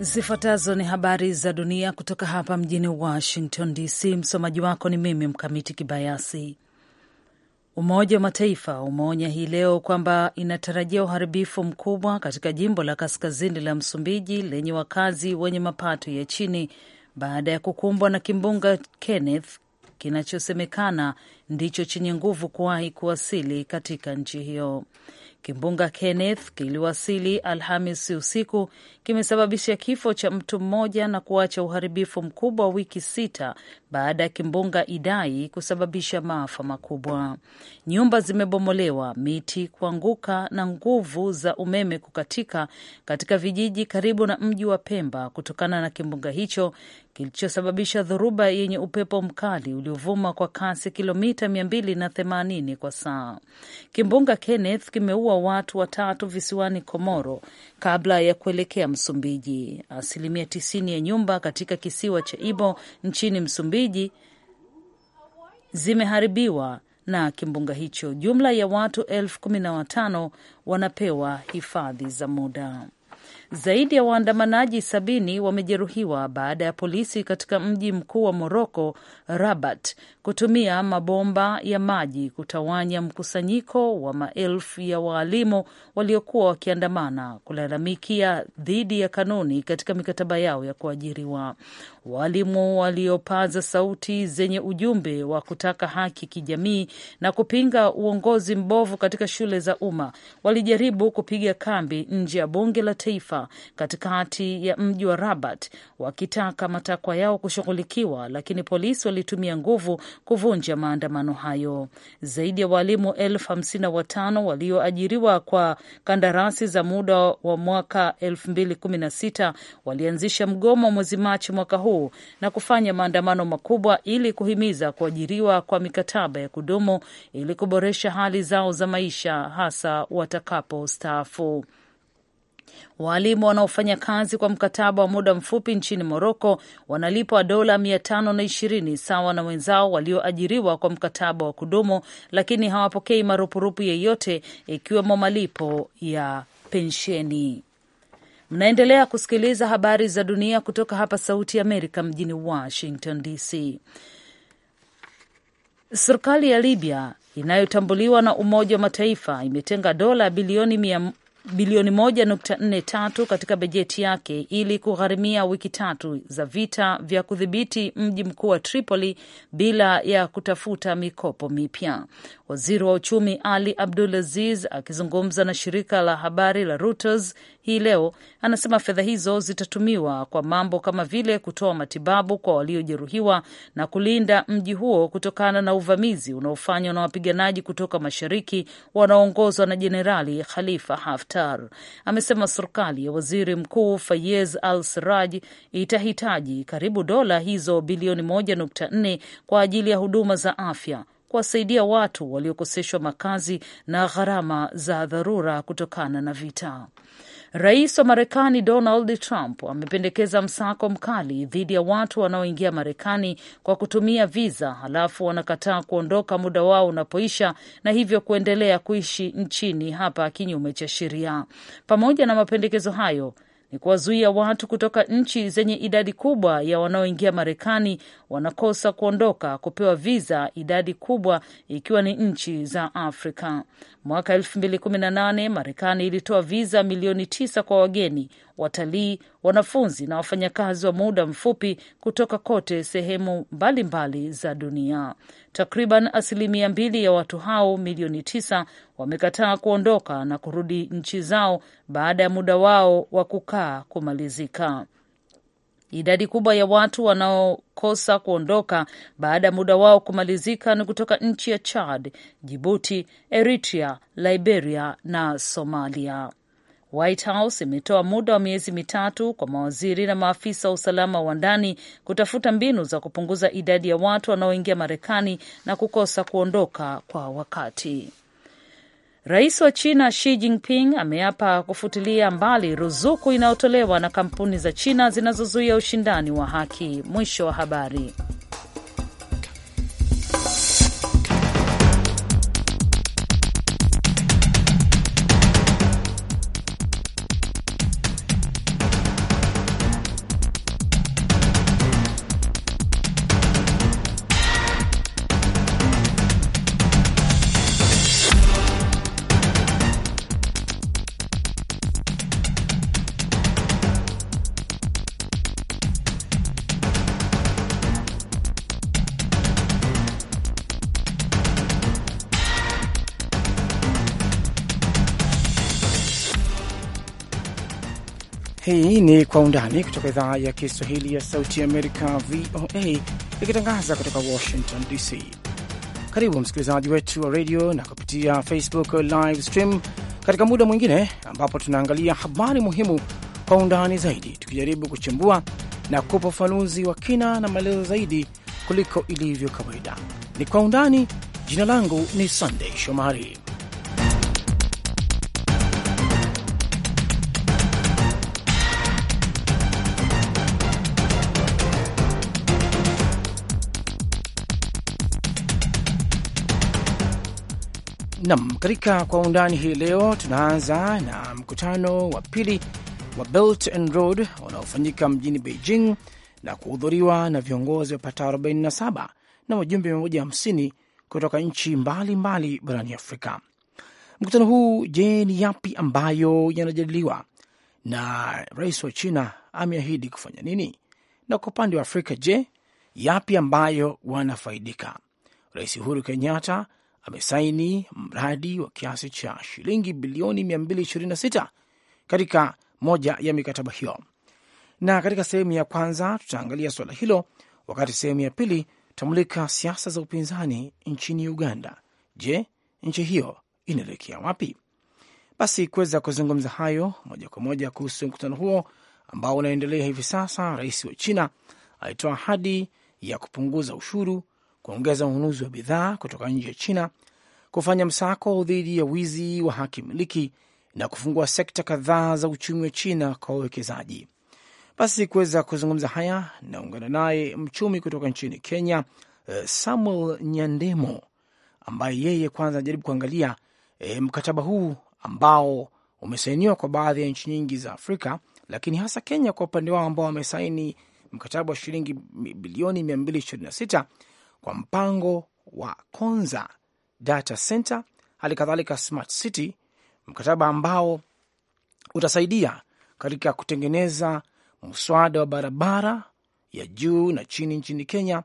Zifuatazo ni habari za dunia kutoka hapa mjini Washington DC. Msomaji wako ni mimi Mkamiti Kibayasi. Umoja wa Mataifa umeonya hii leo kwamba inatarajia uharibifu mkubwa katika jimbo la kaskazini la Msumbiji lenye wakazi wenye mapato ya chini baada ya kukumbwa na kimbunga Kenneth kinachosemekana ndicho chenye nguvu kuwahi kuwasili katika nchi hiyo. Kimbunga Kenneth kiliwasili Alhamisi usiku, kimesababisha kifo cha mtu mmoja na kuacha uharibifu mkubwa wa wiki sita baada ya kimbunga Idai kusababisha maafa makubwa. Nyumba zimebomolewa, miti kuanguka na nguvu za umeme kukatika katika vijiji karibu na mji wa Pemba kutokana na kimbunga hicho kilichosababisha dhoruba yenye upepo mkali uliovuma kwa kasi kilomita 280 kwa saa. Kimbunga Kenneth kimeua watu watatu visiwani Komoro kabla ya kuelekea Msumbiji. Asilimia 90 ya nyumba katika kisiwa cha Ibo nchini Msumbiji zimeharibiwa na kimbunga hicho. Jumla ya watu elfu kumi na watano wanapewa hifadhi za muda. Zaidi ya waandamanaji sabini wamejeruhiwa baada ya polisi katika mji mkuu wa Moroko, Rabat, kutumia mabomba ya maji kutawanya mkusanyiko wa maelfu ya waalimu waliokuwa wakiandamana kulalamikia dhidi ya kanuni katika mikataba yao ya kuajiriwa. Walimu waliopaza sauti zenye ujumbe wa kutaka haki kijamii na kupinga uongozi mbovu katika shule za umma walijaribu kupiga kambi nje ya bunge la taifa katikati ya mji wa Rabat wakitaka matakwa yao kushughulikiwa, lakini polisi walitumia nguvu kuvunja maandamano hayo. Zaidi ya walimu elfu hamsini na watano walioajiriwa kwa kandarasi za muda wa mwaka 2016 walianzisha mgomo mwezi Machi mwaka huu mkuu na kufanya maandamano makubwa ili kuhimiza kuajiriwa kwa mikataba ya kudumu ili kuboresha hali zao za maisha hasa watakapostaafu. Waalimu wanaofanya kazi kwa mkataba wa muda mfupi nchini Moroko wanalipwa dola mia tano na ishirini sawa na wenzao walioajiriwa kwa mkataba wa kudumu, lakini hawapokei marupurupu yeyote ikiwemo malipo ya pensheni. Mnaendelea kusikiliza habari za dunia kutoka hapa Sauti ya Amerika mjini Washington DC. Serikali ya Libya inayotambuliwa na Umoja wa Mataifa imetenga dola bilioni mia bilioni 1.43 katika bajeti yake ili kugharimia wiki tatu za vita vya kudhibiti mji mkuu wa Tripoli bila ya kutafuta mikopo mipya. Waziri wa uchumi Ali abdul aziz akizungumza na shirika la habari la Reuters hii leo anasema fedha hizo zitatumiwa kwa mambo kama vile kutoa matibabu kwa waliojeruhiwa na kulinda mji huo kutokana na uvamizi unaofanywa na wapiganaji kutoka mashariki wanaoongozwa na Jenerali Khalifa Haftar. Amesema serikali ya waziri mkuu Fayez Al Siraj itahitaji karibu dola hizo bilioni 1.4 kwa ajili ya huduma za afya kuwasaidia watu waliokoseshwa makazi na gharama za dharura kutokana na vita. Rais wa Marekani Donald Trump amependekeza msako mkali dhidi ya watu wanaoingia Marekani kwa kutumia viza, halafu wanakataa kuondoka muda wao unapoisha na hivyo kuendelea kuishi nchini hapa kinyume cha sheria. Pamoja na mapendekezo hayo, ni kuwazuia watu kutoka nchi zenye idadi kubwa ya wanaoingia Marekani wanakosa kuondoka kupewa viza, idadi kubwa ikiwa ni nchi za Afrika. Mwaka 2018 Marekani ilitoa viza milioni tisa kwa wageni watalii, wanafunzi na wafanyakazi wa muda mfupi kutoka kote sehemu mbalimbali mbali za dunia. Takriban asilimia mbili ya watu hao milioni tisa wamekataa kuondoka na kurudi nchi zao baada ya muda wao wa kukaa kumalizika. Idadi kubwa ya watu wanaokosa kuondoka baada ya muda wao kumalizika ni kutoka nchi ya Chad, Jibuti, Eritrea, Liberia na Somalia. White House imetoa muda wa miezi mitatu kwa mawaziri na maafisa wa usalama wa ndani kutafuta mbinu za kupunguza idadi ya watu wanaoingia Marekani na kukosa kuondoka kwa wakati. Rais wa China Xi Jinping ameapa kufutilia mbali ruzuku inayotolewa na kampuni za China zinazozuia ushindani wa haki. Mwisho wa habari. ni Kwa Undani kutoka idhaa ya Kiswahili ya Sauti Amerika, VOA, ikitangaza kutoka Washington DC. Karibu msikilizaji wetu wa redio na kupitia Facebook live stream katika muda mwingine ambapo tunaangalia habari muhimu kwa undani zaidi, tukijaribu kuchimbua na kupa ufanuzi wa kina na maelezo zaidi kuliko ilivyo kawaida. Ni Kwa Undani. Jina langu ni Sandei Shomari. Nam, katika kwa undani hii leo tunaanza na mkutano wa pili wa Belt and Road unaofanyika mjini Beijing na kuhudhuriwa na viongozi wapatao 47 na wajumbe 150 kutoka nchi mbalimbali barani Afrika. Mkutano huu, je, ni yapi ambayo yanajadiliwa na rais wa China ameahidi kufanya nini? Na kwa upande wa Afrika, je, yapi ambayo wanafaidika? Rais Uhuru Kenyatta amesaini mradi wa kiasi cha shilingi bilioni 226 katika moja ya mikataba hiyo. Na katika sehemu ya kwanza tutaangalia suala hilo, wakati sehemu ya pili tutamulika siasa za upinzani nchini Uganda. Je, nchi hiyo inaelekea wapi? Basi kuweza kuzungumza hayo moja kwa moja kuhusu mkutano huo ambao unaendelea hivi sasa, rais wa China alitoa ahadi ya kupunguza ushuru kuongeza ununuzi wa bidhaa kutoka nje ya China, kufanya msako dhidi ya wizi wa haki miliki na kufungua sekta kadhaa za uchumi wa China kwa wawekezaji. Basi kuweza kuzungumza haya, naungana naye mchumi kutoka nchini Kenya, eh, Samuel Nyandemo, ambaye yeye kwanza anajaribu kuangalia e, mkataba huu ambao umesainiwa kwa baadhi ya nchi nyingi za Afrika, lakini hasa Kenya kwa upande wao ambao wamesaini mkataba wa shilingi bilioni mia mbili ishirini na sita kwa mpango wa Konza Data Center, hali kadhalika Smart City, mkataba ambao utasaidia katika kutengeneza mswada wa barabara ya juu na chini nchini Kenya,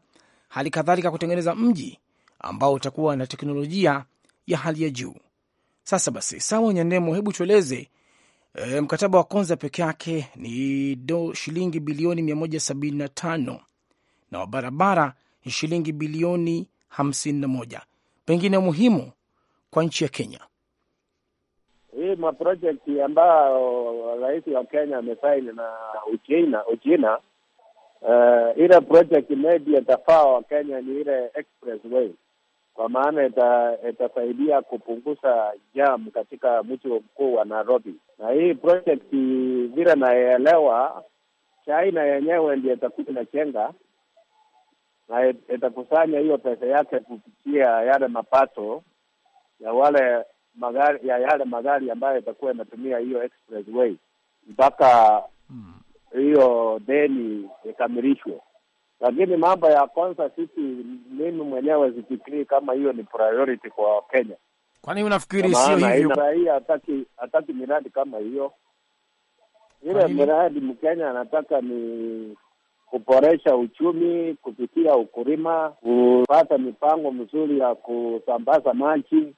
hali kadhalika kutengeneza mji ambao utakuwa na teknolojia ya hali ya juu. Sasa basi, sawa Nyandemo, hebu tueleze e, mkataba wa Konza peke yake ni do shilingi bilioni tano na wa barabara shilingi bilioni 51. Pengine muhimu kwa nchi ya Kenya hii maprojekti ambayo rais wa Kenya amesaini na Uchina Uchina. Uh, ile project maybe itafaa wa Kenya ni ile expressway, kwa maana itasaidia kupunguza jam katika mji mkuu wa Nairobi. Na hii project vile naelewa, China yenyewe ndio itakuwa inachenga na e, itakusanya hiyo pesa yake kupitia yale mapato ya wale magari ya yale magari ambayo itakuwa inatumia hiyo expressway mpaka hmm. hiyo hmm, deni ikamilishwe. Lakini mambo ya kwanza sisi, mimi mwenyewe sifikirii kama hiyo ni priority kwa Kenya. Kwani unafikiri sio hivyo? Raia hataki hataki miradi kama hiyo. Ile miradi Mkenya anataka ni kuboresha uchumi kupitia ukulima, kupata mipango mizuri ya kusambaza maji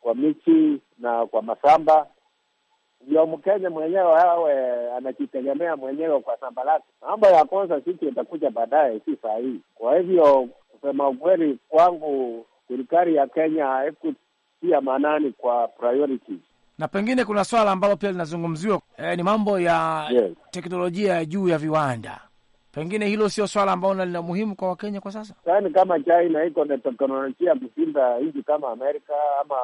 kwa michi na kwa mashamba, ndio Mkenya mwenyewe awe anajitegemea mwenyewe kwa shamba lake. Mambo ya kwanza siki itakuja baadaye, si saa hii. Kwa hivyo kusema ukweli, kwangu serikali ya Kenya haikutia maanani kwa priorities na pengine kuna swala ambalo pia linazungumziwa e, ni mambo ya yes, teknolojia ya juu ya viwanda Pengine hilo sio swala ambalo lina muhimu kwa Wakenya kwa sasa, yaani kama China iko na teknolojia kushinda hizi kama Amerika ama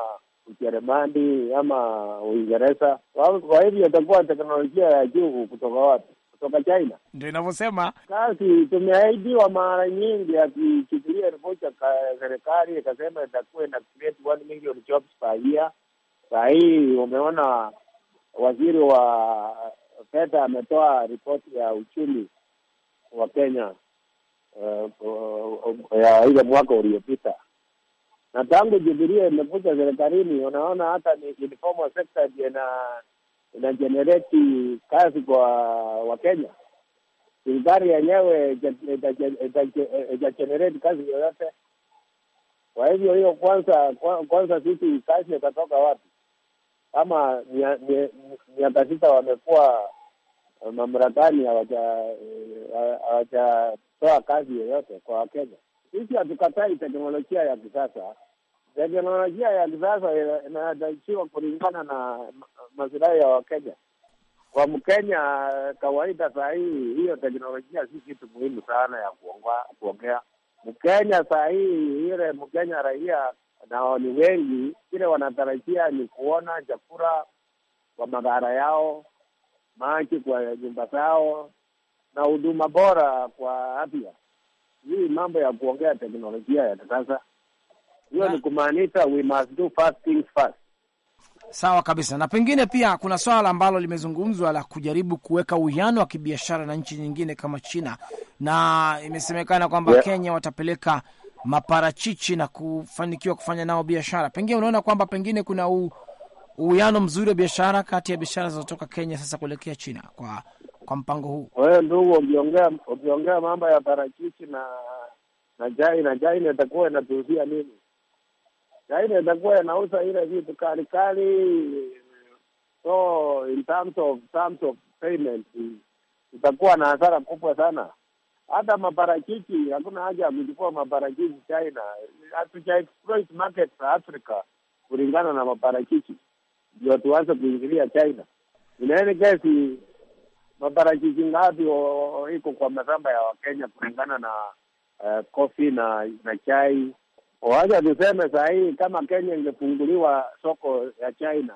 Ujerumani ama Uingereza. Kwa hivyo itakuwa teknolojia ya juu kutoka wapi? Kutoka China, ndio inavyosema kazi. Tumeahidiwa mara nyingi, akichukulia ripoti ya serikali ikasema itakuwa na create one million jobs per year. Saa hii umeona waziri wa fedha ametoa ripoti ya uchumi wa Kenya uh, uh, uh, ya ile mwaka uliopita, na tangu Jubilee imekuja serikalini, unaona hata ni informal sector ndio ina generate kazi kwa Wakenya. Serikali yenyewe itagenerate kazi yoyote? Kwa hivyo hiyo kwanza kwanza, sisi kazi itatoka wapi? Kama miaka sita wamekuwa mamlakani eh, hawajatoa kazi yoyote kwa Wakenya. Sisi hatukatai teknolojia ya kisasa. Teknolojia ya kisasa inatakiwa kulingana na masilahi ya Wakenya. Kwa Mkenya kawaida saa hii, hiyo teknolojia si kitu muhimu sana ya kuongea. Mkenya saa hii, ile Mkenya raia nao ni wengi, kile wanatarajia ni kuona chakula kwa magara yao maji kwa nyumba zao na huduma bora kwa afya. Hii mambo ya kuongea teknolojia ya kisasa hiyo ni kumaanisha we must do first things first. Sawa kabisa. Na pengine pia kuna swala ambalo limezungumzwa la kujaribu kuweka uwiano wa kibiashara na nchi nyingine kama China, na imesemekana kwamba yeah, Kenya watapeleka maparachichi na kufanikiwa kufanya nao biashara. Pengine unaona kwamba pengine kuna u uwiano mzuri wa biashara kati ya biashara zinazotoka Kenya sasa kuelekea China kwa kwa mpango huu? Wewe ndugu, ukiongea ukiongea mambo ya parachichi na na na jai itakuwa inatuuzia nini? Jai itakuwa inauza ile vitu kali kali, so in terms of terms of payment itakuwa na hasara kubwa sana. Hata maparachichi hakuna haja ya kuchukua maparachichi China, hatuja exploit market za Africa kulingana na maparachichi ndio tuanze kuingilia China. Inaeni kesi maparachichi ngapi iko kwa mashamba ya Wakenya kulingana na uh, kofi na na chai. Wacha tuseme saa hii kama Kenya ingefunguliwa soko ya China,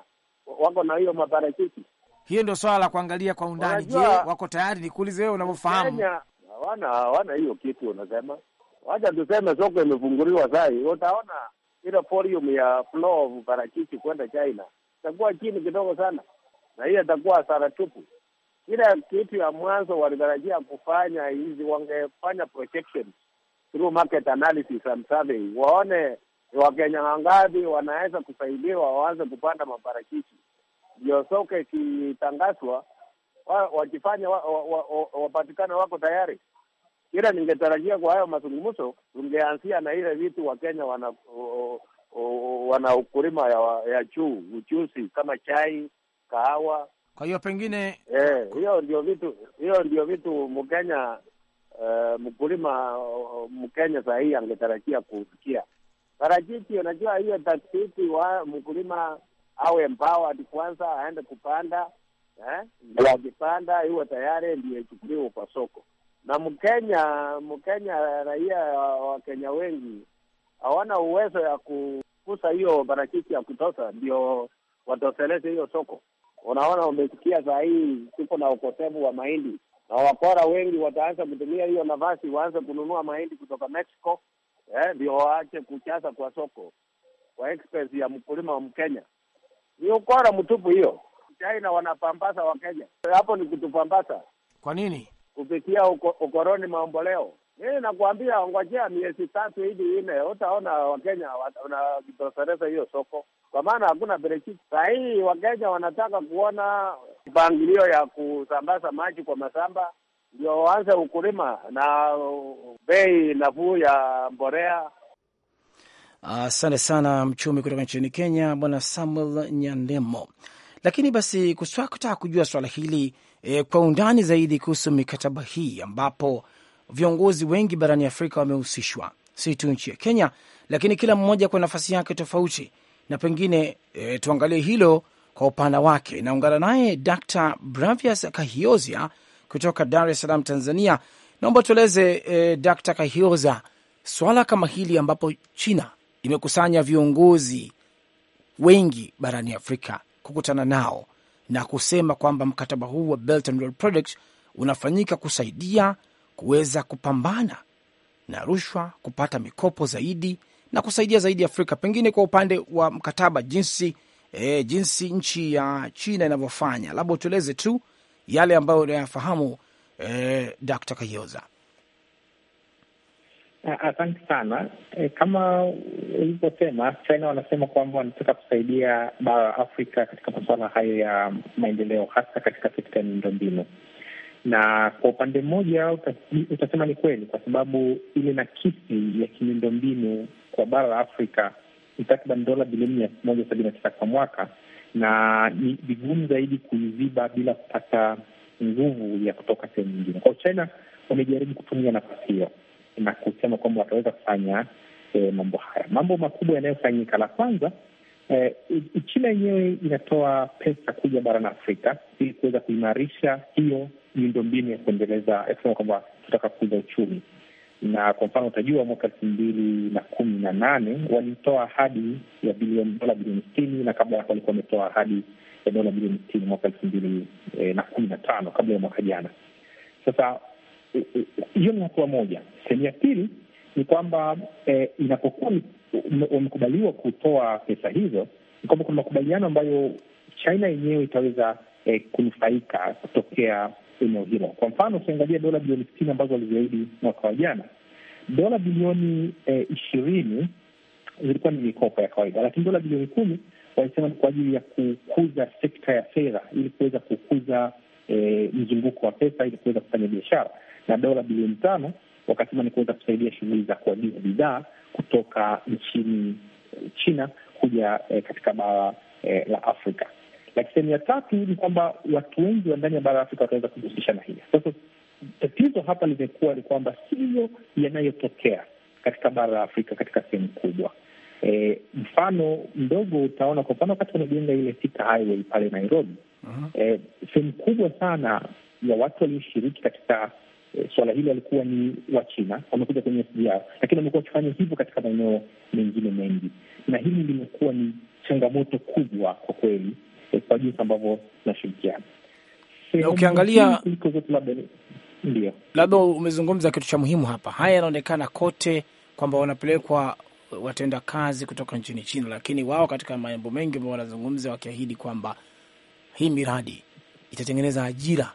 wako na hiyo maparachichi hiyo ndio swala la kuangalia kwa undani. Je, wako tayari? Nikuulize wewe unavyofahamu. Hawana hawana hiyo kitu unasema. Wacha tuseme soko imefunguliwa sahi utaona ile volume ya flow of parachichi kwenda China itakuwa chini kidogo sana, na hiyo itakuwa hasara tupu. Kila kitu ya mwanzo walitarajia kufanya hizi, wangefanya projection through market analysis and survey, waone Wakenya wangapi wanaweza kusaidiwa waanze kupanda maparachichi, ndio soko ikitangazwa wakifanya wapatikana wa, wa, wa, wako tayari. Ila ningetarajia kwa hayo mazungumzo tungeanzia na ile vitu Wakenya wana wana ukulima ya, ya juu ujuzi kama chai, kahawa. Kwa hiyo pengine e, hiyo ndio vitu hiyo ndio vitu Mkenya eh, mkulima Mkenya saa angetarajia kusikia. Parachichi, unajua hiyo taktiki wa mkulima awe hadi kwanza, aende kupanda eh, akipanda iwe tayari ndio ichukuliwe kwa soko. Na Mkenya Mkenya raia wa Kenya wengi hawana uwezo ya kukusa hiyo parachichi ya kutosha, ndio watosheleze hiyo soko. Unaona, umesikia saa hii tuko na ukosefu wa mahindi, na wakora wengi wataanza kutumia hiyo nafasi, waanze kununua mahindi kutoka Mexico eh, ndio eh, waache kuchasa kwa soko kwa expense ya mkulima wa Mkenya. Ni ukora mtupu hiyo. China wanapambasa Wakenya, hapo ni kutupambasa. Kwa nini? Kupitia uko, ukoroni maomboleo mimi nakwambia ngojea miezi tatu hivi nne, utaona Wakenya wanajitosereza hiyo soko, kwa maana hakuna berechiti sahihi Wakenya wanataka kuona mpangilio ya kusambaza maji kwa mashamba, ndio waanze ukulima na bei nafuu ya mborea. Asante sana mchumi kutoka nchini Kenya, Bwana Samuel Nyandemo. Lakini basi kutaka kujua swala hili e, kwa undani zaidi kuhusu mikataba hii ambapo viongozi wengi barani Afrika wamehusishwa, si tu nchi ya Kenya, lakini kila mmoja kwa nafasi yake tofauti, na pengine e, tuangalie hilo kwa upana wake. Naungana naye Dr. Bravias Kahioza kutoka Dar es Salaam, Tanzania. Naomba tueleze e, Dr. Kahioza, swala kama hili ambapo China imekusanya viongozi wengi barani Afrika kukutana nao na kusema kwamba mkataba huu wa Belt and Road Project unafanyika kusaidia kuweza kupambana na rushwa, kupata mikopo zaidi na kusaidia zaidi Afrika, pengine kwa upande wa mkataba jinsi e, jinsi nchi ya China inavyofanya. Labda utueleze tu yale ambayo unayafahamu e, eh, Dkt. Kayoza. Asante sana. E, kama ulivyosema, China wanasema kwamba wanataka kusaidia bara Afrika katika masuala hayo ya maendeleo, hasa katika sekta ya miundombinu na kwa upande mmoja utasema ni kweli, kwa sababu ile nakisi ya kimiundombinu kwa bara la Afrika ni takriban dola bilioni mia moja sabini na tisa kwa mwaka, na ni vigumu zaidi kuiziba bila kupata nguvu ya kutoka sehemu nyingine. Kwa China wamejaribu kutumia nafasi hiyo na kusema kwamba wataweza kufanya eh, mambo haya, mambo makubwa yanayofanyika. La kwanza eh, China yenyewe inatoa pesa kuja barani Afrika ili kuweza kuimarisha hiyo miundo mbinu ya kuendeleza ya kusema kwamba tutaka kukuza uchumi. Na kwa mfano utajua mwaka elfu mbili na kumi na nane walitoa ahadi ya bilioni dola bilioni sitini na kabla ya walikuwa wametoa ahadi ya dola bilioni sitini mwaka elfu mbili eh, na kumi na tano kabla ya mwaka jana. Sasa hiyo ni hatua moja. Sehemu ya pili ni kwamba eh, inapokuwa wamekubaliwa kutoa pesa hizo, ni kwamba kuna makubaliano ambayo China yenyewe itaweza eh, kunufaika kutokea eneo hilo. Kwa mfano, ukiangalia dola bilioni sitini ambazo waliziahidi mwaka wa jana, dola bilioni eh, ishirini zilikuwa ni mikopo ya kawaida, lakini dola bilioni kumi walisema ni kwa ajili ya kukuza sekta ya fedha ili kuweza kukuza eh, mzunguko wa pesa ili kuweza kufanya biashara, na dola bilioni tano wakasema ni kuweza kusaidia shughuli za kuagiza bidhaa kutoka nchini China kuja eh, katika bara eh, la Afrika. Lakini ya tatu ni kwamba watu wengi wa ndani ya bara la Afrika wataweza kujihusisha na hili. Sasa tatizo hapa limekuwa ni kwamba siyo yanayotokea katika bara la Afrika katika sehemu kubwa. E, mfano mdogo utaona kwa mfano wakati wanajenga ile Thika Highway pale Nairobi, uh-huh. e, sehemu kubwa sana ya watu walioshiriki katika e, suala hili walikuwa ni Wachina, wamekuja kwenye asili lakini wamekuwa wakifanya hivyo katika maeneo mengine mengi, na hili limekuwa ni changamoto kubwa kwa kweli kwa jinsi ambavyo na Ukiangalia labda labda umezungumza kitu cha muhimu hapa. Haya yanaonekana kote kwamba wanapelekwa watenda kazi kutoka nchini China, lakini wao katika mambo mengi ambao wanazungumza wakiahidi kwamba hii miradi itatengeneza ajira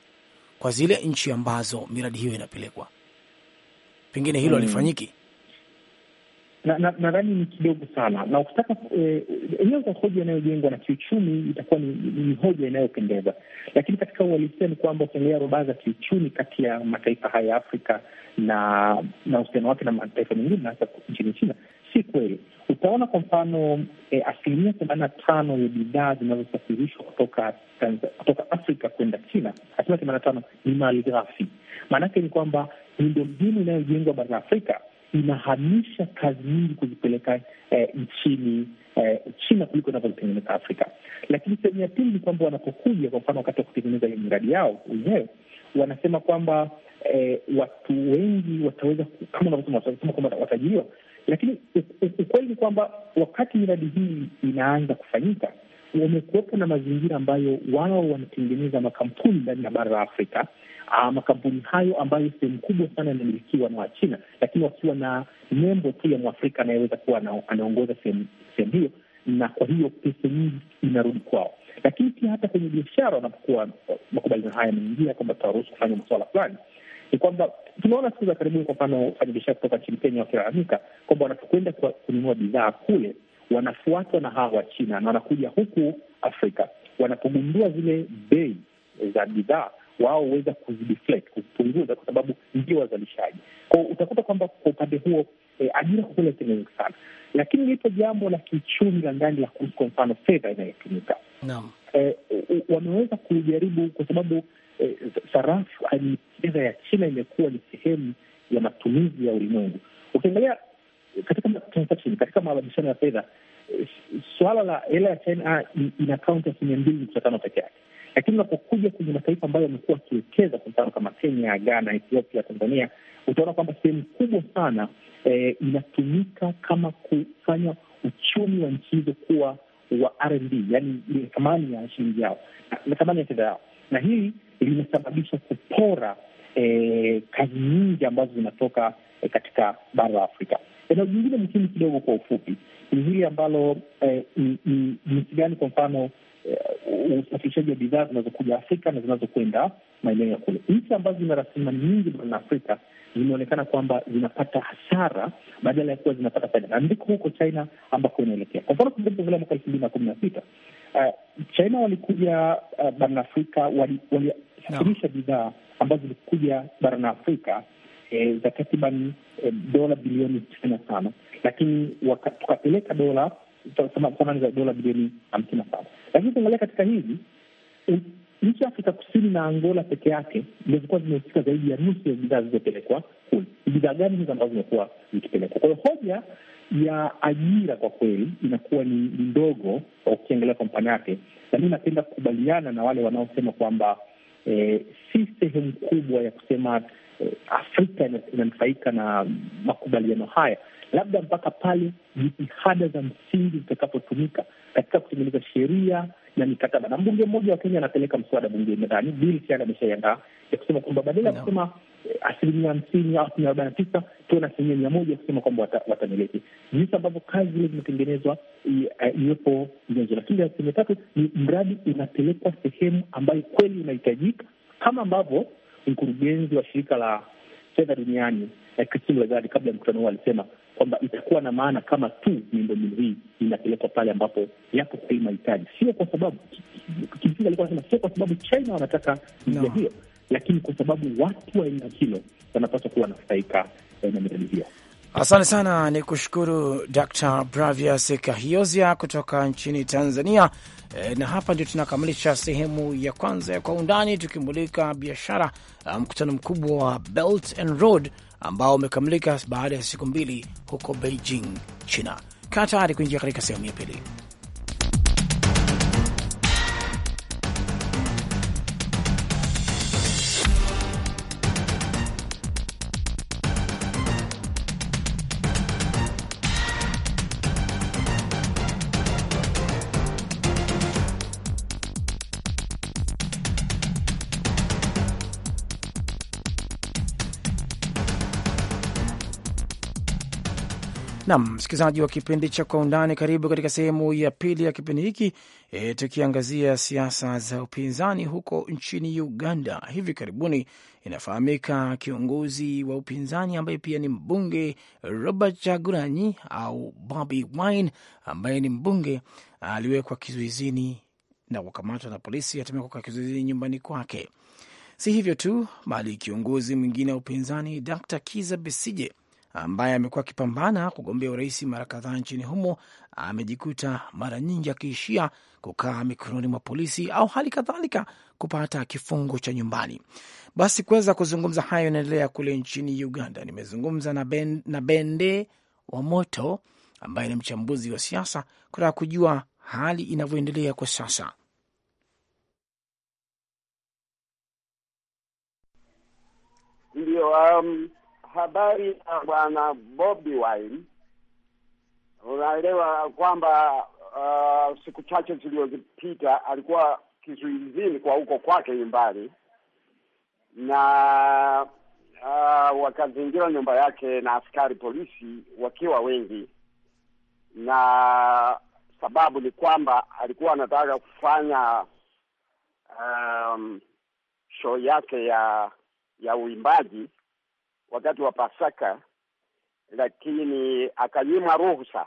kwa zile nchi ambazo miradi hiyo inapelekwa, pengine hilo mm. halifanyiki nadhani na, na ni kidogo sana, na ukitaka enyewe eh, kwa hoja inayojengwa na kiuchumi itakuwa ni, ni hoja inayopendeza, lakini katika uhalisia ni kwamba ukiangalia robaa za kiuchumi kati ya mataifa haya ya Afrika na na uhusiano wake na mataifa mengine na hasa nchini China si kweli. Utaona kwa mfano e, asilimia themanini na tano ya bidhaa zinazosafirishwa kutoka kutoka Afrika kwenda China, asilimia themanini na tano ni mali ghafi. Maanake ni kwamba miundombinu inayojengwa barani Afrika inahamisha kazi nyingi kuzipeleka eh, nchini eh, China kuliko inavyozitengeneza Afrika. Lakini sehemu ya pili ni kwamba wanapokuja, kwa mfano, wakati wa kutengeneza hiyo miradi yao wenyewe, wanasema kwamba eh, watu wengi wataweza kama unavyosema, watasema kwamba watajiriwa, lakini ukweli ni kwamba wakati miradi hii inaanza kufanyika wamekuwepo na mazingira ambayo wao wanatengeneza makampuni ndani ya bara la Afrika uh, makampuni hayo ambayo sehemu kubwa sana yanamilikiwa na Wachina, lakini wakiwa na nembo tu ya Mwafrika anayeweza kuwa anaongoza sehemu hiyo, na kwa hiyo pesa nyingi inarudi kwao. Lakini pia hata kwenye biashara, wanapokuwa makubaliano haya yameingia kwamba tutawaruhusu kufanya masuala fulani ni kwamba tunaona siku za karibuni, kwa mfano, wafanyabiashara kutoka nchini Kenya wakilalamika kwamba wanapokwenda kununua bidhaa kule wanafuatwa na hawa wa China na wanakuja huku Afrika, wanapogundua zile bei za bidhaa wao huweza kuzideflect, kuzipunguza, kwa sababu ndio wazalishaji kwao. Utakuta kwamba kwa upande huo E, ajira kwa kweli hazitengenezwa sana, lakini lipo jambo la kiuchumi la ndani la kuhusu kwa mfano fedha inayotumika no. Eh, wameweza kujaribu kwa sababu e, sarafu ani fedha ya China imekuwa ni sehemu ya matumizi ya ulimwengu. Ukiangalia katika transaction, katika mabadilishano ya fedha, suala la hela ya China ina kaunti asilimia mbili nukta tano peke yake. Lakini unapokuja kwenye mataifa ambayo yamekuwa akiwekeza kwa mfano kama Kenya, Ghana, Ethiopia, Tanzania, utaona kwamba sehemu kubwa sana e, inatumika kama kufanya uchumi wa nchi hizo kuwa wa RMB, yani ile thamani ya shilingi yao na thamani ya fedha yao, na hili limesababisha kupora e, kazi nyingi ambazo zinatoka e, katika bara la Afrika. Eneo jingine muhimu kidogo kwa ufupi ni hili ambalo jinsi gani, kwa mfano usafirishaji wa bidhaa zinazokuja Afrika na zinazokwenda maeneo ya kule. Nchi ambazo zina rasilimali nyingi barani Afrika zimeonekana kwamba zinapata hasara badala ya kuwa zinapata faida, na ndiko huko China ambako inaelekea. Kwa mfano vile mwaka elfu mbili na kumi na sita uh, China walikuja uh, barani Afrika, walisafirisha wali bidhaa ambazo zilikuja barani Afrika e, za takriban e, dola bilioni tisini na tano, lakini tukapeleka dola thamani za dola bilioni hamsini na saba. Lakini ukiangalia katika hizi nchi ya Afrika Kusini na Angola peke yake ndio zilikuwa zimehusika zaidi ya nusu ya bidhaa zilizopelekwa kule. Bidhaa gani hizo ambazo zimekuwa zikipelekwa? Kwa hiyo hoja ya ajira kwa kweli inakuwa ni ndogo ukiangalia kwa mpana yake, na mi napenda kukubaliana na wale wanaosema kwamba e, si sehemu kubwa ya kusema e, Afrika inanufaika na makubaliano haya, labda mpaka pale jitihada za msingi zitakapotumika katika kutengeneza sheria na mikataba. Na mbunge mmoja wa Kenya anapeleka mswada bunge, nadhani bili tayari ameshaiandaa ya kusema kwamba badala ya no. kusema eh, asilimia hamsini au asilimia arobaini na tisa tuwe na asilimia mia moja kusema kwamba watamiliki jinsi ambavyo kazi zile zimetengenezwa, eh, iwepo nyenzo. Lakini asilimia tatu ni mradi unapelekwa sehemu ambayo kweli unahitajika, kama ambavyo mkurugenzi wa shirika la fedha duniani eh, Christine Lagarde kabla ya mkutano huo alisema kwamba itakuwa na maana kama tu miundombinu hii inapelekwa pale ambapo yapo kweli mahitaji, sio kwa sababu kimsingi, alikuwa anasema sio kwa sababu China wanataka njia no. hiyo, lakini kwa sababu watu wa eneo hilo wanapaswa kuwa wanafaika eh, na miradi hiyo. Asante sana, ni kushukuru Dr Bravia Sekahiozia kutoka nchini Tanzania. E, na hapa ndio tunakamilisha sehemu ya kwanza ya Kwa Undani, tukimulika biashara mkutano um, mkubwa wa Belt and Road ambao umekamilika baada ya siku mbili huko Beijing, China. Kaa tayari kuingia katika sehemu ya pili. Nam msikilizaji wa kipindi cha Kwa Undani, karibu katika sehemu ya pili ya kipindi hiki e, tukiangazia siasa za upinzani huko nchini Uganda. Hivi karibuni inafahamika kiongozi wa upinzani ambaye pia ni mbunge Robert Chaguranyi au Bobi Wine ambaye ni mbunge aliwekwa kizuizini na kukamatwa na polisi, hatimaye kuwekwa kizuizini nyumbani kwake. Si hivyo tu, bali kiongozi mwingine wa upinzani Dr Kiza Besije ambaye amekuwa akipambana kugombea urais mara kadhaa nchini humo amejikuta mara nyingi akiishia kukaa mikononi mwa polisi au hali kadhalika kupata kifungo cha nyumbani. Basi kuweza kuzungumza hayo inaendelea kule nchini Uganda, nimezungumza na, ben, na Bende wa Moto ambaye ni mchambuzi wa siasa kutaka kujua hali inavyoendelea kwa sasa. Ndio, um, habari ya bwana Bobi Wine, unaelewa kwamba uh, siku chache zilizopita alikuwa kizuizini kwa huko kwake nyumbani na uh, wakazingira nyumba yake na askari polisi wakiwa wengi, na sababu ni kwamba alikuwa anataka kufanya um, show yake ya ya uimbaji wakati wa Pasaka, lakini akanyimwa ruhusa,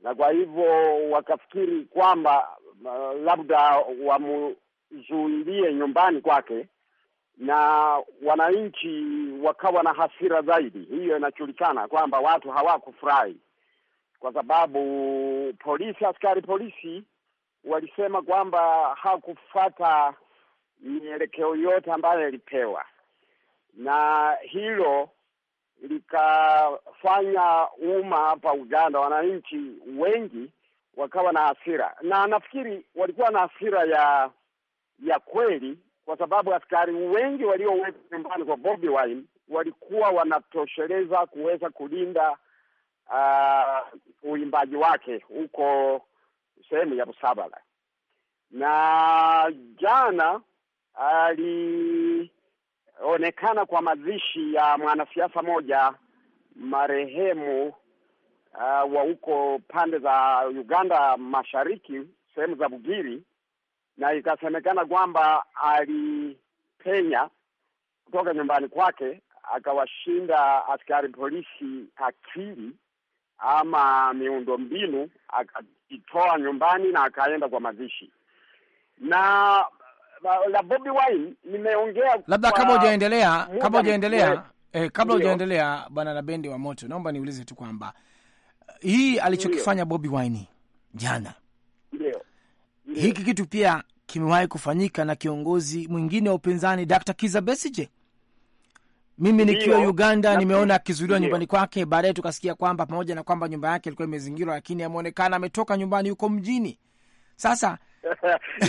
na kwa hivyo wakafikiri kwamba uh, labda wamzuilie nyumbani kwake, na wananchi wakawa na hasira zaidi. Hiyo inajulikana kwamba watu hawakufurahi kwa sababu polisi, askari polisi walisema kwamba hakufata mielekeo yote ambayo alipewa na hilo likafanya umma hapa Uganda, wananchi wengi wakawa na hasira, na nafikiri walikuwa na hasira ya ya kweli, kwa sababu askari wengi waliowekwa nyumbani kwa Bobi Wine walikuwa wanatosheleza kuweza kulinda uh, uimbaji wake huko sehemu ya Busabala, na jana ali onekana kwa mazishi ya mwanasiasa moja marehemu uh, wa huko pande za Uganda Mashariki, sehemu za Bugiri, na ikasemekana kwamba alipenya kutoka nyumbani kwake akawashinda askari polisi akili ama miundo mbinu, akajitoa nyumbani na akaenda kwa mazishi. Na la Bobi Wine nimeongea labda kama hujaendelea kama hujaendelea eh, kabla hujaendelea bwana la bendi wa moto, naomba niulize tu kwamba eh, hii alichokifanya Bobi Wine jana, ndio hiki kitu pia kimewahi kufanyika na kiongozi mwingine wa upinzani Dr. Kiza Besije. Mimi nikiwa Uganda nimeona akizuiliwa nyumbani kwake, baadaye tukasikia kwamba pamoja na kwamba nyumba yake ilikuwa imezingirwa, lakini ameonekana ametoka nyumbani, yuko mjini. Sasa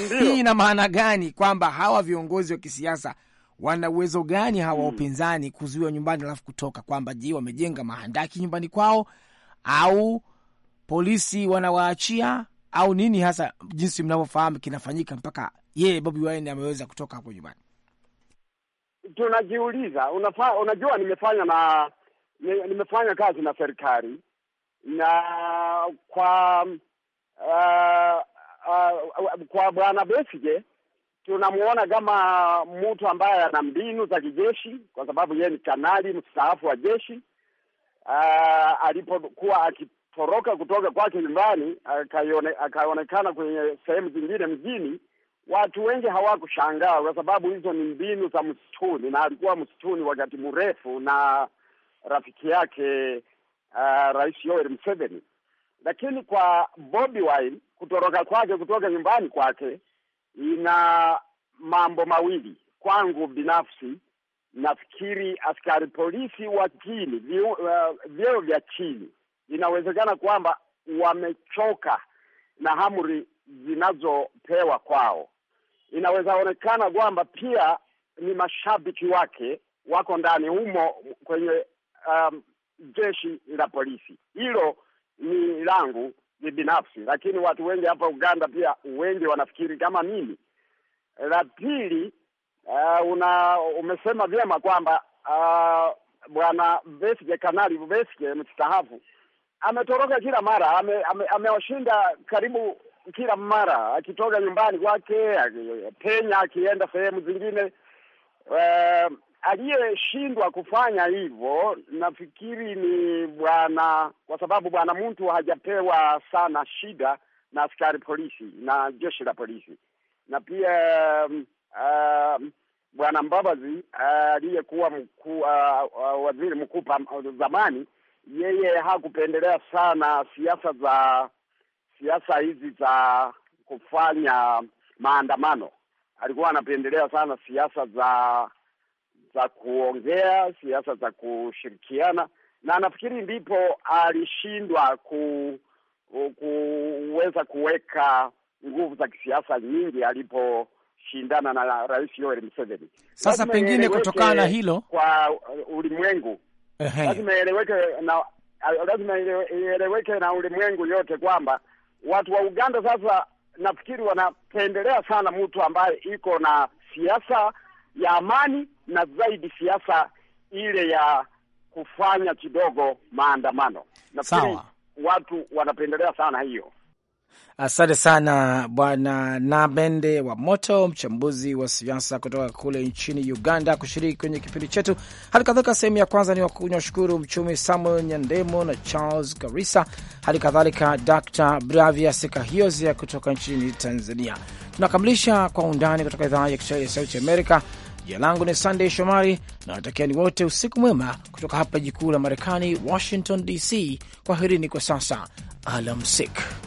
Hii ina maana gani? Kwamba hawa viongozi wa kisiasa wana uwezo gani hawa upinzani hmm. kuzuiwa nyumbani alafu kutoka? Kwamba je, wamejenga mahandaki nyumbani kwao au polisi wanawaachia au nini hasa, jinsi mnavyofahamu kinafanyika mpaka yeye Bobi Wine ameweza kutoka hapo nyumbani? Tunajiuliza unafa, unajua nimefanya na nimefanya kazi na serikali na kwa uh, kwa bwana Besigye tunamuona kama mtu ambaye ana mbinu za kijeshi, kwa sababu yeye ni kanali mstaafu wa jeshi. Uh, alipokuwa akitoroka kutoka kwake nyumbani akaonekana kwenye sehemu zingine mjini, watu wengi hawakushangaa kwa sababu hizo ni mbinu za msituni, na alikuwa msituni wakati mrefu na rafiki yake uh, Rais Yoweri Museveni. Lakini kwa Bobi Wine kutoroka kwake kutoka nyumbani kwake ina mambo mawili. Kwangu binafsi, nafikiri askari polisi wa chini, uh, vyeo uh, vya chini, inawezekana kwamba wamechoka na amri zinazopewa kwao. inawezaonekana kwamba pia ni mashabiki wake wako ndani humo kwenye um, jeshi la polisi. Hilo ni langu kibinafsi, lakini watu wengi hapa Uganda pia wengi wanafikiri kama mimi. La pili, uh, una umesema vyema kwamba uh, bwana Besigye, kanali Besigye mstaafu ametoroka kila mara, amewashinda ame, ame karibu kila mara akitoka nyumbani kwake penya akienda sehemu zingine. Uh, Aliyeshindwa kufanya hivyo nafikiri ni bwana, kwa sababu bwana mtu hajapewa sana shida na askari polisi na jeshi la polisi, na pia um, um, bwana Mbabazi uh, aliyekuwa uh, mkuu uh, uh, waziri mkuu uh, zamani, yeye hakupendelea sana siasa za siasa hizi za kufanya maandamano, alikuwa anapendelea sana siasa za za kuongea, siasa za kushirikiana, na nafikiri ndipo alishindwa ku, kuweza kuweka nguvu za kisiasa nyingi aliposhindana na Rais Yoweri Museveni. Sasa pengine kutokana na hilo kwa ulimwengu lazima ieleweke na lazima ieleweke na ulimwengu yote kwamba watu wa Uganda sasa nafikiri wanapendelea sana mtu ambaye iko na siasa ya amani na zaidi siasa ile ya kufanya kidogo maandamano. Nafikiri watu wanapendelea sana hiyo. Asante sana Bwana Nabende wa Moto, mchambuzi wa siasa kutoka kule nchini Uganda, kushiriki kwenye kipindi chetu. Hali kadhalika, sehemu ya kwanza ni washukuru mchumi Samuel Nyandemo na Charles Karisa, hali kadhalika Dr Bravia Sekahiozia kutoka nchini Tanzania. Tunakamilisha Kwa Undani kutoka idhaa ya Kiswahili ya Sauti Amerika. Jina langu ni Sandey Shomari na natakiani wote usiku mwema kutoka hapa jikuu la Marekani, Washington DC. Kwaherini kwa sasa, alamsik.